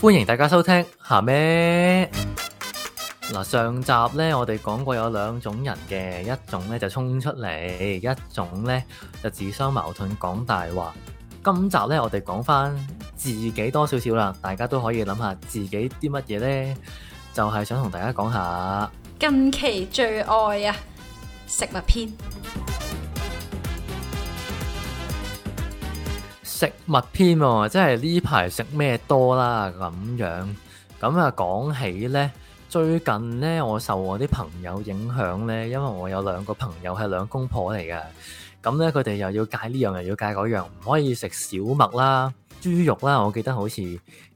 歡迎大家收聽下咩嗱，嗯、上集呢，我哋講過有兩種人嘅，一種呢就衝出嚟，一種呢就自相矛盾講大話。今集呢，我哋講翻自己多少少啦，大家都可以諗下自己啲乜嘢呢，就係、是、想同大家講下近期最愛啊食物篇。食物篇喎，即係呢排食咩多啦咁樣，咁啊講起呢。最近呢，我受我啲朋友影響呢，因為我有兩個朋友係兩公婆嚟嘅，咁呢，佢哋又要戒呢樣，又要戒嗰樣，唔可以食小麥啦、豬肉啦，我記得好似，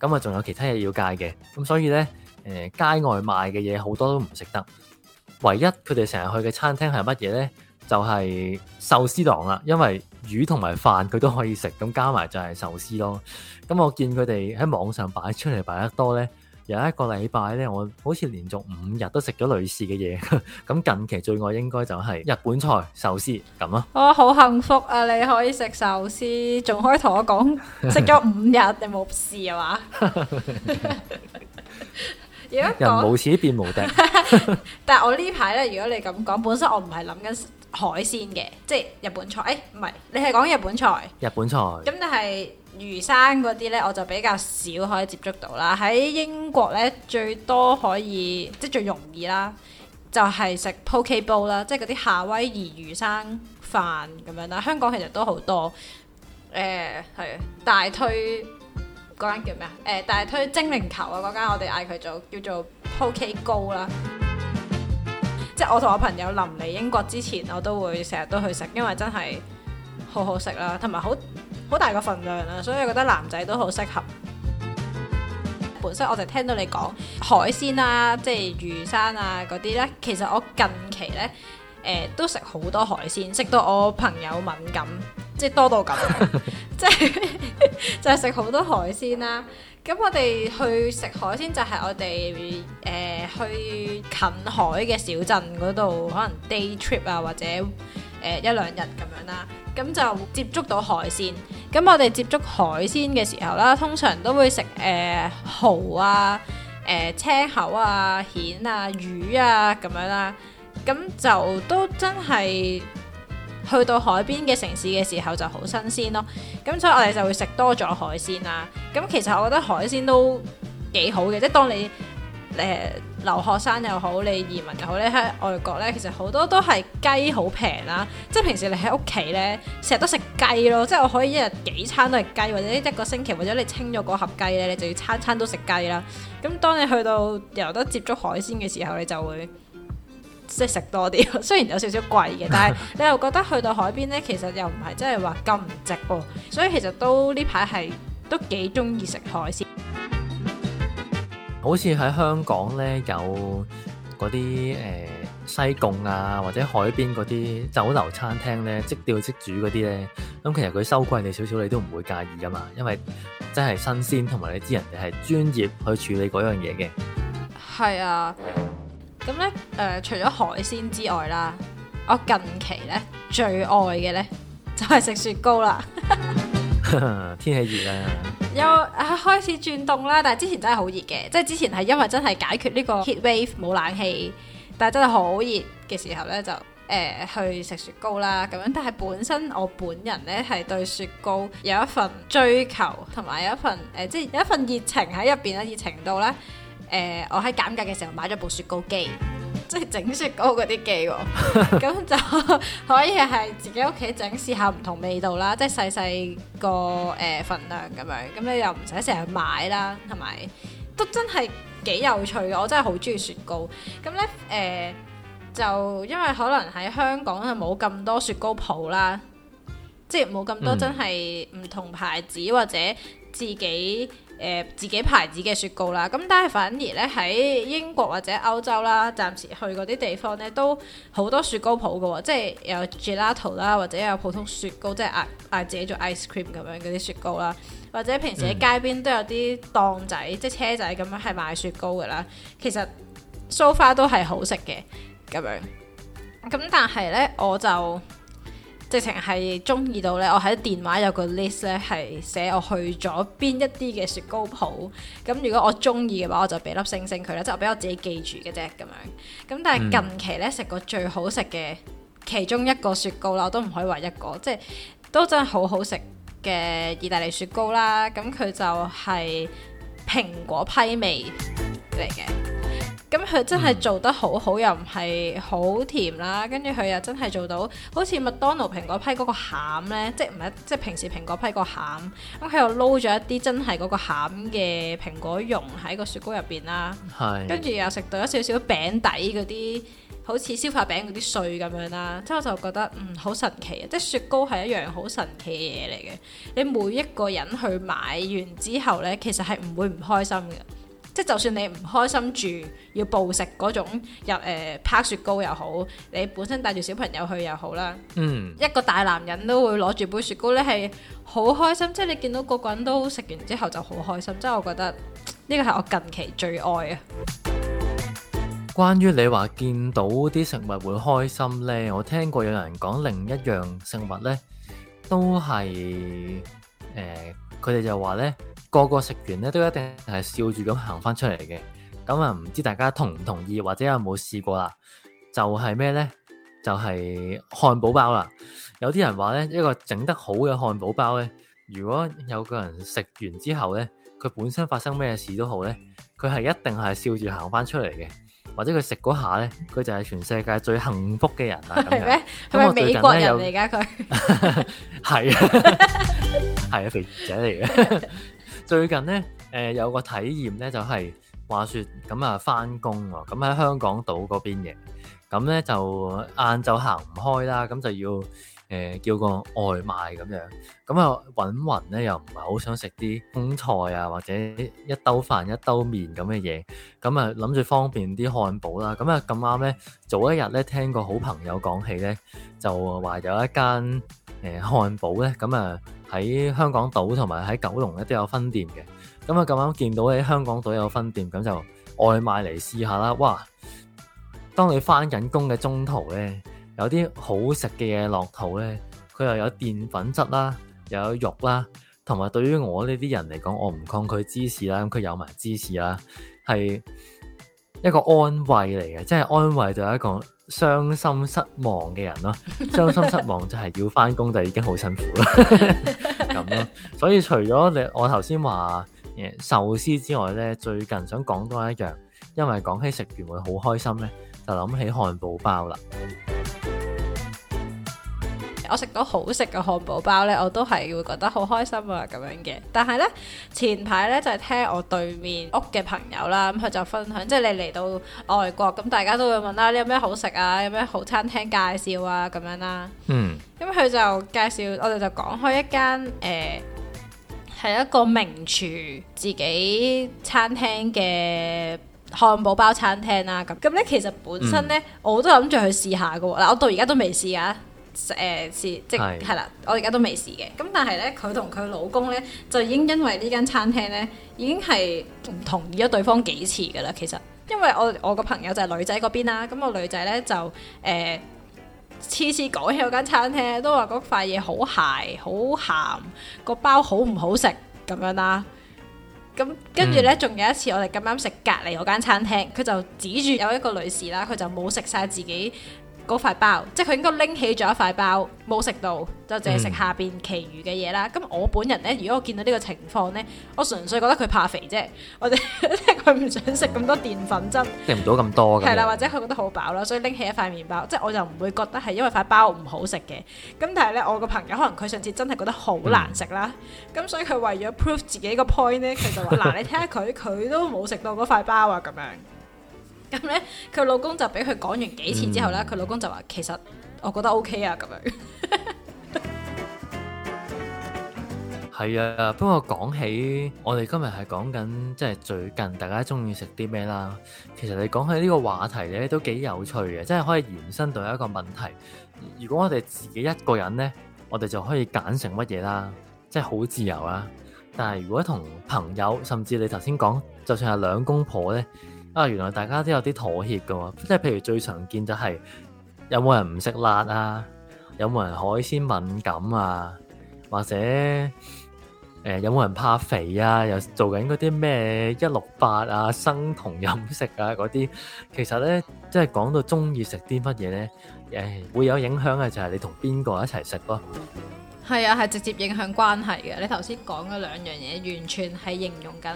咁啊仲有其他嘢要戒嘅，咁所以呢，誒街外賣嘅嘢好多都唔食得，唯一佢哋成日去嘅餐廳係乜嘢呢？就係壽司郎啦，因為。魚同埋飯佢都可以食，咁加埋就係壽司咯。咁我見佢哋喺網上擺出嚟，擺得多咧，有一個禮拜咧，我好似連續五日都食咗類似嘅嘢。咁近期最愛應該就係日本菜壽司咁咯。我好幸福啊！你可以食壽司，仲可以同我講食咗五日你冇事啊嘛？如果人無恥變無敵。但係我呢排咧，如果你咁講，本身我唔係諗緊。海鮮嘅，即係日本菜。誒、欸，唔係，你係講日本菜。日本菜。咁但係魚生嗰啲呢，我就比較少可以接觸到啦。喺英國呢，最多可以即係最容易啦，就係、是、食 poke bowl 啦，即係嗰啲夏威夷魚生飯咁樣啦。香港其實都好多，誒、呃、係大推嗰間叫咩啊？誒、呃、大推精靈球啊嗰間，我哋嗌佢做叫做 poke 糕啦。即係我同我朋友臨嚟英國之前，我都會成日都去食，因為真係好好食啦，同埋好好大個份量啦，所以覺得男仔都好適合。 本身我就聽到你講海鮮啊，即係魚生啊嗰啲呢，其實我近期呢，呃、都食好多海鮮，食到我朋友敏感，即係多到咁，即係 就係食好多海鮮啦，啊。咁我哋去食海鮮就係我哋誒、呃、去近海嘅小鎮嗰度，可能 day trip 啊，或者誒、呃、一兩日咁樣啦。咁就接觸到海鮮。咁我哋接觸海鮮嘅時候啦，通常都會食誒、呃、蠔啊、誒、呃、青口啊、蜆啊、魚啊咁樣啦。咁就都真係。去到海邊嘅城市嘅時候就好新鮮咯，咁所以我哋就會食多咗海鮮啦。咁其實我覺得海鮮都幾好嘅，即係當你誒留學生又好，你移民又好咧，喺外國咧，其實好多都係雞好平啦。即係平時你喺屋企咧，成日都食雞咯。即係我可以一日幾餐都係雞，或者一個星期，或者你清咗嗰盒雞咧，你就要餐餐都食雞啦。咁當你去到由得接觸海鮮嘅時候，你就會。即食多啲，雖然有少少貴嘅，但係你又覺得去到海邊呢，其實又唔係真係話咁唔值喎，所以其實都呢排係都幾鍾意食海鮮。好似喺香港呢，有嗰啲誒西貢啊，或者海邊嗰啲酒樓餐廳呢，即釣即煮嗰啲呢。咁其實佢收貴你少少，小小你都唔會介意㗎嘛，因為真係新鮮，同埋你知人哋係專業去處理嗰樣嘢嘅。係啊。咁咧，誒、呃，除咗海鮮之外啦，我近期咧最愛嘅咧就係、是、食雪糕啦。 天氣熱啦、啊，又啊開始轉凍啦，但係之前真係好熱嘅，即係之前係因為真係解決呢個 heat wave 冇冷氣，但係真係好熱嘅時候咧，就誒、呃、去食雪糕啦咁樣。但係本身我本人咧係對雪糕有一份追求，同埋有，有一份誒、呃，即係有一份熱情喺入邊啊熱情度咧。誒、呃，我喺減價嘅時候買咗部雪糕機，即係整雪糕嗰啲機喎、喔，咁 就可以係自己屋企整試下唔同味道啦，即係細細個誒份量咁樣，咁你又唔使成日買啦，同埋都真係幾有趣，我真係好中意雪糕。咁呢，誒、呃，就因為可能喺香港就冇咁多雪糕鋪啦，即係冇咁多真係唔同牌子、嗯、或者自己。呃、自己牌子嘅雪糕啦，咁但係反而呢，喺英國或者歐洲啦，暫時去嗰啲地方呢，都好多雪糕鋪嘅喎，即係有 gelato 啦，或者有普通雪糕，即係嗌嗌自己做 ice cream 咁樣嗰啲雪糕啦，或者平時喺街邊都有啲檔仔即車仔咁樣係賣雪糕嘅啦。其實 so far 都係好食嘅咁樣，咁但係呢，我就。直情係中意到呢。我喺電話有個 list 咧，係寫我去咗邊一啲嘅雪糕鋪。咁如果我中意嘅話，我就俾粒星星佢啦，即係我俾我自己記住嘅啫咁樣。咁但係近期呢，食過最好食嘅其中一個雪糕啦，我都唔可以話一個，即係都真係好好食嘅意大利雪糕啦。咁佢就係蘋果批味嚟嘅。咁佢真係做得好好，嗯、又唔係好甜啦。跟住佢又真係做到好似麥當勞蘋果批嗰個餡呢，即係唔係即係平時蘋果批個餡。咁佢又撈咗一啲真係嗰個餡嘅蘋果蓉喺個雪糕入邊啦。跟住是又食到一少少餅底嗰啲，好似消化餅嗰啲碎咁樣啦。之後就覺得嗯，好神奇啊！即係雪糕係一樣好神奇嘅嘢嚟嘅。你每一個人去買完之後呢，其實係唔會唔開心嘅。即就算你唔開心住，要暴食嗰種，又、呃、誒，拍雪糕又好，你本身帶住小朋友去又好啦。嗯，一個大男人都會攞住杯雪糕呢，係好開心。即係你見到個個人都食完之後就好開心，即係我覺得呢個係我近期最愛啊。關於你話見到啲食物會開心呢，我聽過有人講另一樣食物呢，都係誒，佢哋就話呢。個個食完咧都一定係笑住咁行翻出嚟嘅，咁啊唔知大家同唔同意或者有冇試過啦？就係咩呢？就係漢堡包啦。有啲人話呢，一個整得好嘅漢堡包呢，如果有個人食完之後呢，佢本身發生咩事都好呢，佢係一定係笑住行翻出嚟嘅，或者佢食嗰下呢，佢就係全世界最幸福嘅人啊！係咩？係咪美國人嚟噶佢？係 啊，係啊，肥仔嚟嘅。 最近咧，誒、呃、有個體驗咧，就係、是、話説咁啊，返工喎，咁喺香港島嗰邊嘅，咁咧就晏晝行唔開啦，咁就要誒、呃、叫個外賣咁樣，咁啊揾雲咧又唔係好想食啲中菜啊，或者一兜飯一兜麵咁嘅嘢，咁啊諗住方便啲漢堡啦，咁啊咁啱咧早一日咧聽個好朋友講起咧，就話有一間誒漢堡咧，咁啊～喺香港島同埋喺九龍咧都有分店嘅，咁啊咁啱見到喺香港島有分店，咁就外賣嚟試下啦。哇！當你返緊工嘅中途咧，有啲好食嘅嘢落肚咧，佢又有澱粉質啦，又有肉啦，同埋對於我呢啲人嚟講，我唔抗拒芝士啦，咁佢有埋芝士啦，係一個安慰嚟嘅，即係安慰就係一個。傷心失望嘅人咯，傷 心失望就係要翻工就已經好辛苦啦，咁 咯。所以除咗你我頭先話誒壽司之外呢，最近想講多一樣，因為講起食完會好開心呢，就諗起漢堡包啦。我食到好食嘅漢堡包呢，我都係會覺得好開心啊，咁樣嘅。但係呢，前排呢，就係、是、聽我對面屋嘅朋友啦，咁佢就分享，即係你嚟到外國咁，大家都會問啦、啊，你有咩好食啊，有咩好餐廳介紹啊咁樣啦。嗯，咁佢就介紹，我哋就講開一間誒、係、呃、一個名廚自己餐廳嘅漢堡包餐廳啦。咁咁呢，其實本身呢，嗯、我都諗住去試下噶。嗱，我到而家都未試啊。誒即係啦，我而家都未試嘅。咁但係呢，佢同佢老公呢，就已經因為呢間餐廳呢，已經係唔同意咗對方幾次噶啦。其實，因為我我個朋友就係女仔嗰邊啦。咁個女仔呢，就誒次次講起嗰間餐廳，都話嗰塊嘢好鹹，好鹹，個包好唔好食咁樣啦、啊。咁跟住呢，仲有一次我哋咁啱食隔離嗰間餐廳，佢、嗯、就指住有一個女士啦，佢就冇食晒自己嗰塊包，即係佢應該拎起咗一塊包冇食到，就淨係食下邊其餘嘅嘢啦。咁、嗯、我本人呢，如果我見到呢個情況呢，我純粹覺得佢怕肥啫，我哋，佢唔想食咁多澱粉質，食唔到咁多嘅，係啦，或者佢覺得好飽啦，所以拎起一塊麵包，即係我就唔會覺得係因為塊包唔好食嘅。咁但係呢，我個朋友可能佢上次真係覺得好難食啦，咁、嗯、所以佢為咗 prove 自己個 point 呢，佢就話：嗱，你睇下佢，佢都冇食到嗰塊包啊，咁樣。咁咧，佢老公就俾佢講完幾次之後咧，佢、嗯、佢老公就話：其實我覺得 O、OK、K 啊，咁樣。係 啊，不過講起我哋今日係講緊即係最近大家中意食啲咩啦。其實你講起呢個話題咧，都幾有趣嘅，即係可以延伸到一個問題。如果我哋自己一個人咧，我哋就可以揀成乜嘢啦，即係好自由啦、啊。但係如果同朋友，甚至你頭先講，就算係兩公婆咧。啊，原來大家都有啲妥協噶喎，即係譬如最常見就係有冇人唔食辣啊，有冇人海鮮敏感啊，或者誒有冇人怕肥啊，又做緊嗰啲咩一六八啊、生酮飲食啊嗰啲，其實咧即係講到鍾意食啲乜嘢咧，誒會有影響嘅就係你同邊個一齊食咯。係啊，係直接影響關係嘅。你頭先講嗰兩樣嘢，完全係形容緊。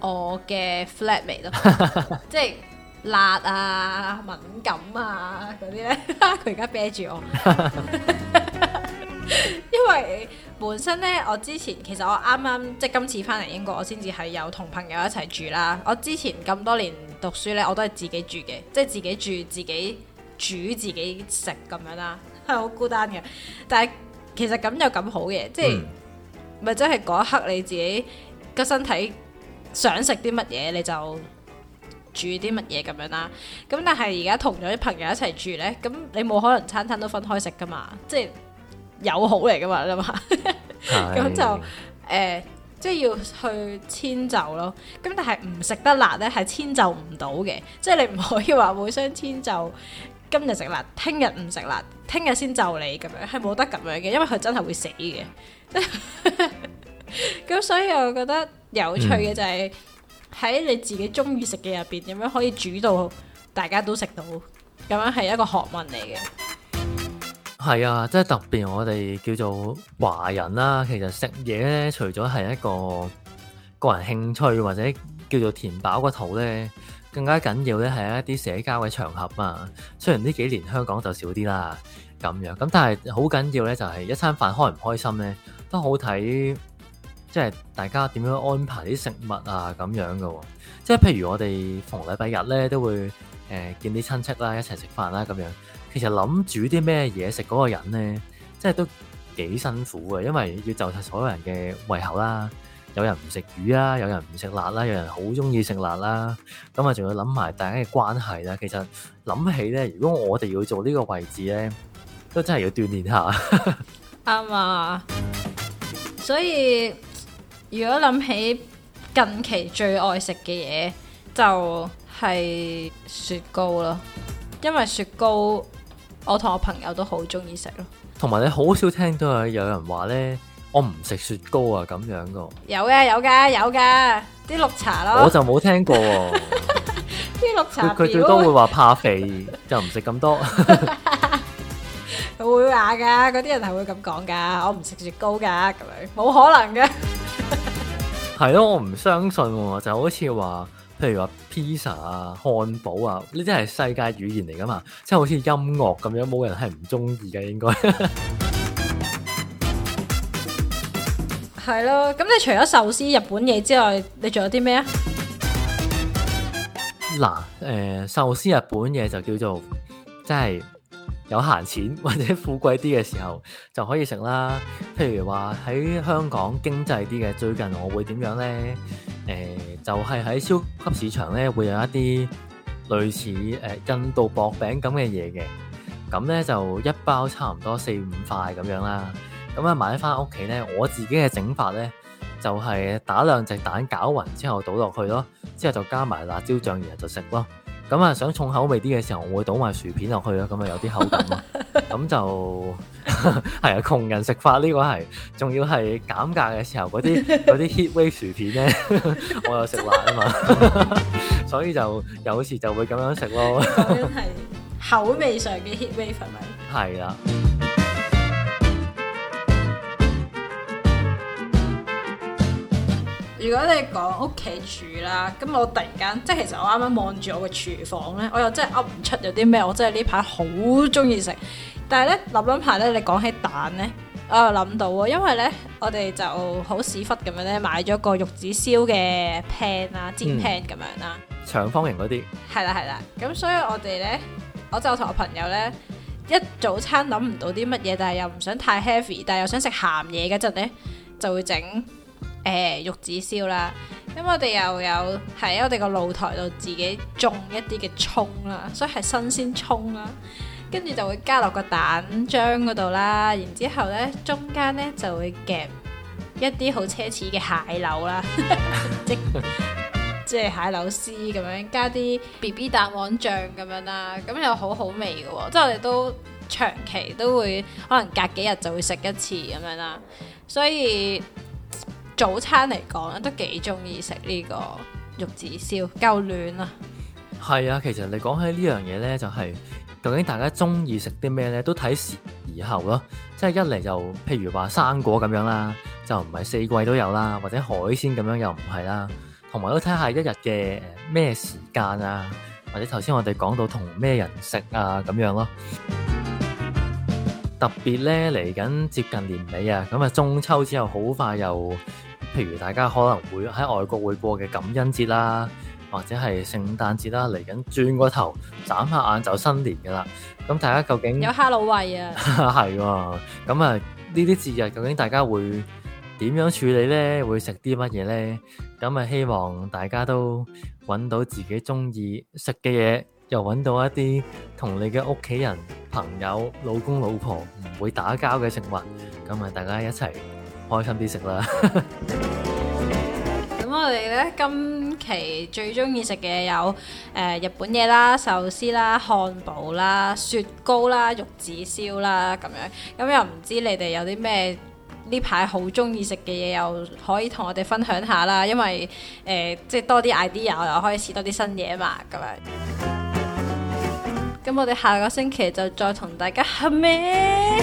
我嘅 flatmate 咯， 即係辣啊、敏感啊嗰啲咧，佢而家啤住我， 因為本身咧，我之前其實我啱啱即係今次翻嚟英國，我先至係有同朋友一齊住啦。我之前咁多年讀書咧，我都係自己住嘅，即係自己住、自己煮、自己食咁樣啦，係好孤單嘅。但係其實咁又咁好嘅，即係咪真係嗰一刻你自己個身體？想食啲乜嘢你就煮啲乜嘢咁樣啦。咁但係而家同咗啲朋友一齊住呢，咁你冇可能餐餐都分開食噶嘛？即係友好嚟噶嘛，咋嘛是？咁 就誒、呃，即係要去遷就咯。咁但係唔食得辣呢，係遷就唔到嘅。即係你唔可以話互相遷就，今日食辣，聽日唔食辣，聽日先就你咁樣，係冇得咁樣嘅，因為佢真係會死嘅。咁 所以我覺得。有趣嘅就係喺你自己中意食嘅入邊，嗯，點樣可以煮到大家都食到？咁樣係一個學問嚟嘅。係啊，即係特別我哋叫做華人啦。其實食嘢咧，除咗係一個個人興趣或者叫做填飽個肚咧，更加緊要咧係一啲社交嘅場合啊。雖然呢幾年香港就少啲啦，咁樣咁，但係好緊要咧就係一餐飯開唔開心咧，都好睇。即係大家點樣安排啲食物啊咁樣噶、哦，即係譬如我哋逢禮拜日咧都會誒、呃、見啲親戚啦，一齊食飯啦咁樣。其實諗煮啲咩嘢食嗰個人咧，即係都幾辛苦嘅，因為要就晒所有人嘅胃口啦。有人唔食魚啦，有人唔食辣啦，有人好中意食辣啦。咁啊，仲、嗯、要諗埋大家嘅關係啦。其實諗起咧，如果我哋要做呢個位置咧，都真係要鍛煉下 。啱、嗯、啊，所以。如果諗起近期最愛食嘅嘢，就係、係、雪糕咯，因為雪糕我同我朋友都好中意食咯。同埋你好少聽到有人話呢：「我唔食雪糕啊，咁樣噶。」有嘅有嘅有嘅，啲綠茶咯。我就冇聽過。啲 綠茶表，佢最多會話怕肥， 就唔食咁多。佢 會話噶，嗰啲人係會咁講噶，我唔食雪糕噶，咁樣冇可能嘅。係咯，我唔相信喎、啊，就好似話，譬如話 pizza 啊、漢堡啊，呢啲係世界語言嚟噶嘛，即係好似音樂咁樣，冇人係唔中意嘅應該。係 咯，咁你除咗壽司日本嘢之外，你仲有啲咩啊？嗱，誒、呃，壽司日本嘢就叫做，即係。有閒錢或者富貴啲嘅時候就可以食啦。譬如話喺香港經濟啲嘅最近，我會點樣呢？誒、呃，就係、是、喺超級市場呢，會有一啲類似誒印度薄餅咁嘅嘢嘅。咁呢，就一包差唔多四五塊咁樣啦。咁啊買翻屋企呢，我自己嘅整法呢，就係、是、打兩隻蛋攪勻之後倒落去咯，之後就加埋辣椒醬，然後就食咯。咁啊，想重口味啲嘅時候，我會倒埋薯片落去咯，咁啊有啲口感咯。咁 那就係 啊，窮人食法呢個係，仲要係減價嘅時候嗰啲嗰啲 heatwave 薯片咧， 我又食辣啊嘛， 所以就有時就會咁樣食咯。咁係口味上嘅 heatwave 係咪、 啊？係啦。如果你講屋企住啦，咁我突然間，即係其實我啱啱望住我嘅廚房咧，我又真係噏唔出有啲咩，我真係呢排好中意食。但係咧諗諗排咧，你講起蛋咧，我又諗到喎，因為咧我哋就好屎忽咁樣咧買咗個玉子燒嘅 pan 啦，煎 pan 咁樣啦、嗯，長方形嗰啲。係啦係啦，咁所以我哋咧，我就同我朋友咧，一早餐諗唔到啲乜嘢，但係又唔想太 heavy，但係又想食鹹嘢嗰陣咧，就會整。誒、嗯、玉子燒啦，咁我哋又有喺我哋個露台度自己種一啲嘅葱啦，所以係新鮮葱啦，跟住就會加落個蛋漿嗰度啦，然之後呢，中間呢就會夾一啲好奢侈嘅蟹柳啦， 即即係 蟹柳絲咁樣，加啲 BB 蛋黃醬咁樣啦、啊，咁又好好味嘅喎，即係我哋都長期都會可能隔幾日就會食一次咁樣啦、啊，所以。早餐嚟講咧，都幾中意食呢個玉子燒，夠暖啦、啊。係啊，其實你講起呢樣嘢呢，就係、是、究竟大家中意食啲咩呢？都睇時而後咯。即係一嚟就譬如話生果咁樣啦，就唔係四季都有啦，或者海鮮咁樣又唔係啦。同埋都睇下一日嘅咩時間啊，或者頭先我哋講到同咩人食啊咁樣咯。特別呢，嚟緊接近年尾啊，咁啊中秋之後好快又～譬如大家可能會喺外國會過嘅感恩節啦，或者係聖誕節啦，嚟緊轉個頭眨下眼就新年噶啦。咁大家究竟有哈佬喂啊？係喎。 咁、嗯、啊，呢、嗯、啲節日究竟大家會點樣處理呢？會食啲乜嘢呢？咁、嗯、啊、嗯，希望大家都揾到自己中意食嘅嘢，又揾到一啲同你嘅屋企人、朋友、老公、老婆唔會打交嘅食物。咁、嗯、啊、嗯嗯嗯嗯嗯，大家一齊。開心啲食啦！咁我哋咧今期最中意食嘅有誒、呃、日本嘢啦、壽司啦、漢堡啦、雪糕啦、玉子燒啦咁樣。咁、嗯、又唔知你哋有啲咩呢排好中意食嘅嘢，又可以同我哋分享下啦。因為誒、呃、即係多啲 idea，又可以試多啲新嘢嘛。咁樣。咁 我哋下個星期就再同大家哈咩？